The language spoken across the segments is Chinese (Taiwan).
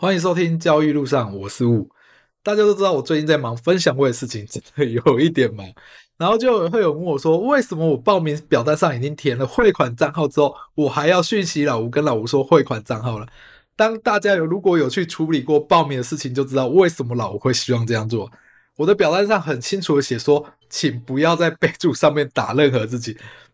歡迎收聽交易路上，我是吳。大家都知道，我最近在忙分享會的事情，真的有一點忙。然後就會有人問我說，為什麼我報名表單上已經填了匯款賬號之後，我還要訊息老吳跟老吳說匯款賬號了。當大家有如果有去處理過報名的事情，就知道為什麼老吳會希望這樣做。我的表單上很清楚的寫說，請不要在備注上面打任何字。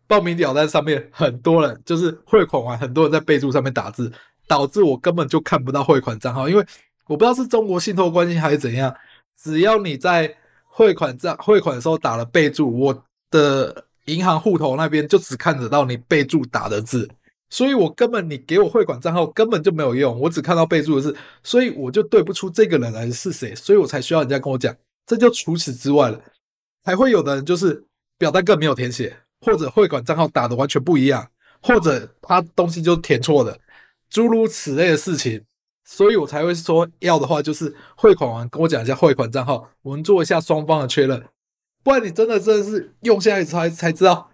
報名表單上面很多人就是匯款完，很多人在備注上面打字。導致我根本就看不到匯款賬號，因為我不知道是中國信托關係還是怎樣。只要你在匯款賬匯款的時候打了備註，我的銀行戶頭那邊就只看得到你備註打的字，所以我根本你給我匯款賬號根本就沒有用，我只看到備註的字，所以我就對不出這個人來是誰，所以我才需要人家跟我講。這就除此之外了，還會有的人就是表單更沒有填寫，或者匯款賬號打的完全不一樣，或者他東西就填錯的。諸如此類的事情，所以我才會說，要的話就是匯款完跟我講一下匯款賬號，我們做一下雙方的確認，不然你真的真的是用下來才才知道，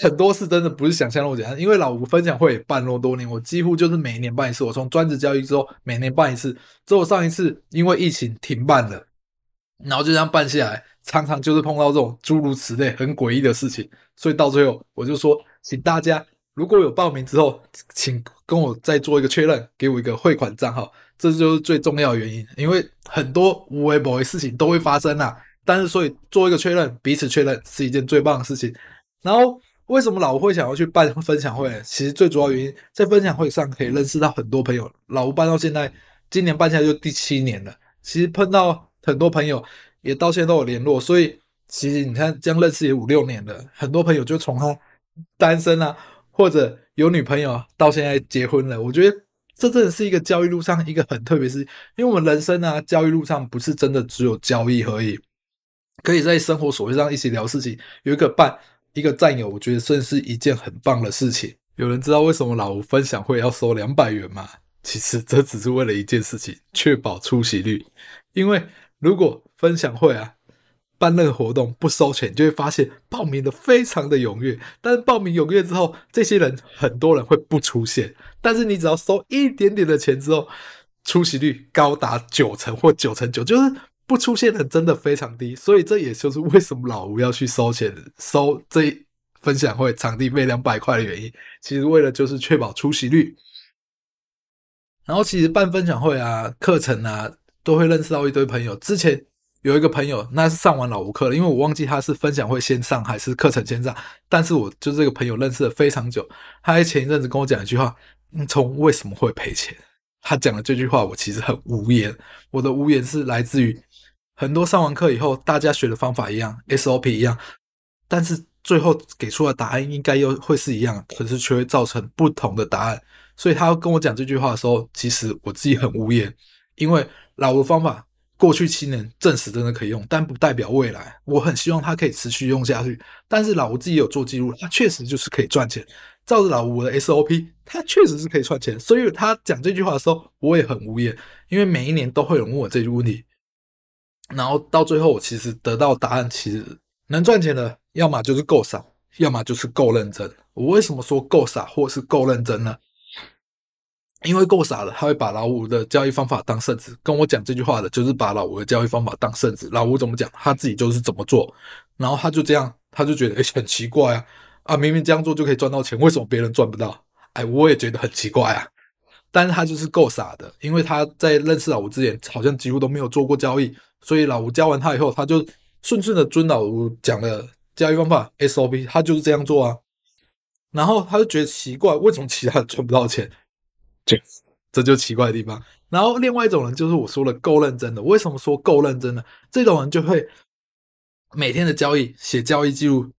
很多事真的不是想象那麼簡單。因為老吳分享會辦了多年，我幾乎就是每一年辦一次。我從專職交易之後，每年辦一次，只有上一次因為疫情停辦了，然後就這樣辦下來，常常就是碰到這種諸如此類很詭異的事情，所以到最後我就說，請大家如果有報名之後，請。跟我再做一個確認，給我一個匯款賬號，這就是最重要的原因，因為很多有的沒的事情都會發生啦、啊，但是所以做一個確認，彼此確認是一件最棒的事情。然後為什麼老吳會想要去辦分享會呢？其實最主要原因在分享會上可以認識到很多朋友。老吳辦到現在，今年辦下來就第七年了。其實碰到很多朋友，也到現在都有聯絡。所以其實你看這樣認識也五六年了，很多朋友就從他單身啊，或者。有女朋友到現在結婚了，我覺得這真的是一個交易路上一個很特別的事情。因為我們人生啊，交易路上不是真的只有交易而已，可以在生活瑣碎上一起聊事情，有一個伴，一個戰友，我覺得這是一件很棒的事情。有人知道為什麼老吳分享會要收兩百元嗎？其實這只是為了一件事情，確保出席率，因為如果分享會啊。辦那個活動不收錢，你就會發現報名的非常的踴躍。但是報名踴躍之後，這些人很多人會不出現。但是你只要收一點點的錢之後，出席率高達九成或九成九，就是不出現的真的非常低。所以這也就是為什麼老吳要去收錢，收這一分享會場地費兩百塊的原因。其實為了就是確保出席率。然後其實辦分享會啊、課程啊，都會認識到一堆朋友。之前。有一個朋友，那是上完老吳課了，因為我忘記他是分享會先上還是課程先上。但是我就這個朋友認識了非常久，他在前一陣子跟我講一句話：“嗯，從為什麼會賠錢？”他講的這句話，我其實很無言。我的無言是來自於很多上完課以後，大家學的方法一樣，SOP 一樣，但是最後給出的答案應該又會是一樣，可是卻會造成不同的答案。所以他跟我講這句話的時候，其實我自己很無言，因為老吳方法。過去七年證實真的可以用，但不代表未來。我很希望它可以持續用下去。但是老吳自己有做記錄，他確實就是可以賺錢。照着老吳的 SOP，它確實是可以賺錢。所以他講這句話的時候，我也很無言，因為每一年都會有人問我這個問題。然後到最後，我其實得到答案，其實能賺錢的，要麼就是夠傻，要麼就是夠認真。我為什麼說夠傻，或是夠認真呢？因為夠傻的，他會把老吳的交易方法當聖旨。跟我講這句話的，就是把老吳的交易方法當聖旨。老吳怎麼講，他自己就是怎麼做。然後他就這樣，他就覺得哎，很奇怪啊！啊，明明這樣做就可以賺到錢，為什麼別人賺不到？哎，我也覺得很奇怪啊。但是他就是夠傻的，因為他在認識老吳之前，好像幾乎都沒有做過交易。所以老吳教完他以後，他就順順的遵老吳講的交易方法 SOP，他就是這樣做啊。然後他就覺得奇怪，為什麼其他人賺不到錢？這，這就奇怪的地方。然後，另外一種人就是我說的夠認真的。為什麼說夠認真的？這種人就會每天的交易寫交易記錄，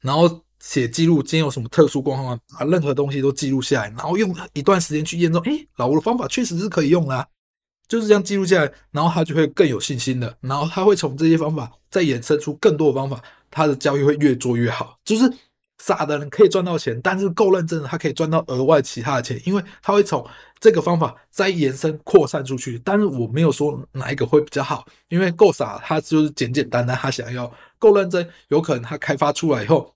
然後寫記錄，今天有什麼特殊光環，把任何東西都記錄下來，然後用一段時間去驗證。哎，老吳的方法確實是可以用啊，就是這樣記錄下來，然後他就會更有信心的，然後他會從這些方法再衍生出更多的方法，他的交易會越做越好，就是。傻的人可以賺到錢，但是夠認真的他可以賺到額外其他的錢，因為他會從這個方法再延伸擴散出去。但是我沒有說哪一個會比較好，因為夠傻他就是簡簡單單，他想要夠認真，有可能他開發出來以後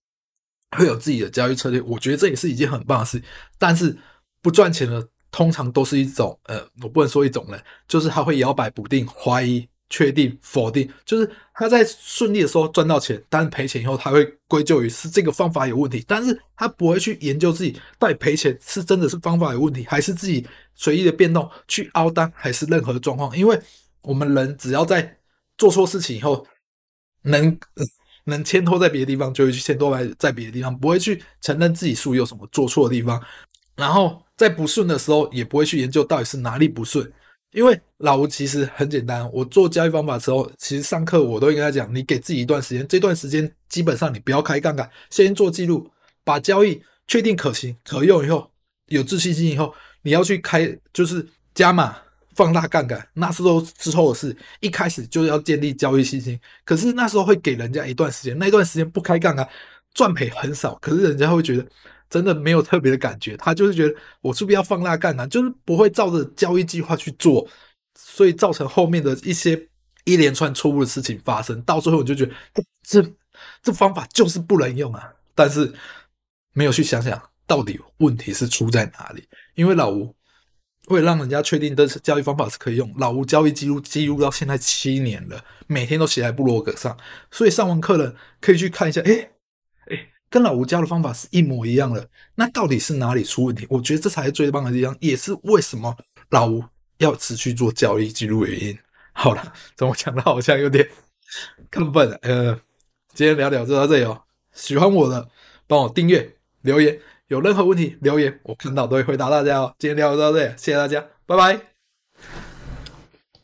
會有自己的交易策略，我覺得這也是一件很棒的事。但是不賺錢的通常都是一種，呃，我不能說一種呢，就是他會搖擺不定、懷疑。確定否定，就是他在順利的時候賺到錢，但是賠錢以後他會歸咎於是這個方法有問題，但是他不會去研究自己到底賠錢是真的是方法有問題，還是自己隨意的變動去凹單，還是任何的狀況。因為我們人只要在做錯事情以後，能、呃、能牽拖在別的地方，就會去牽拖在在別的地方，不會去承認自己是有什麼做錯的地方，然後在不順的時候也不會去研究到底是哪裡不順。因為老吳其實很簡單，我做交易方法的時候，其實上課我都跟他講，你給自己一段時間，這段時間基本上你不要開槓桿，先做記錄，把交易確定可行、可用以後，有自信心以後，你要去開就是加碼、放大槓桿，那是都之後的事。一開始就要建立交易信心，可是那時候會給人家一段時間，那一段時間不開槓桿，賺賠很少，可是人家會覺得。真的沒有特別的感覺，他就是覺得我是不是要放大幹呢？就是不會照着交易計劃去做，所以造成後面的一些一連串錯誤的事情發生。到最後，我就覺得這這方法就是不能用啊！但是沒有去想想到底問題是出在哪裡，因為老吳會讓人家確定的是交易方法是可以用。老吳交易記錄記錄到現在七年了，每天都寫在部落格上，所以上完課了可以去看一下。哎。跟老吳教的方法是一模一樣的，那到底是哪裡出問題？我覺得這才是最棒的地方，也是為什麼老吳要持續做交易記錄原因。好了，怎麼講的好像有點更笨了呃，今天聊聊就到這裡哦。喜歡我的，幫我訂閱留言，有任何問題留言，我看到都會回答大家哦。今天聊聊就到這裡，謝謝大家，拜拜。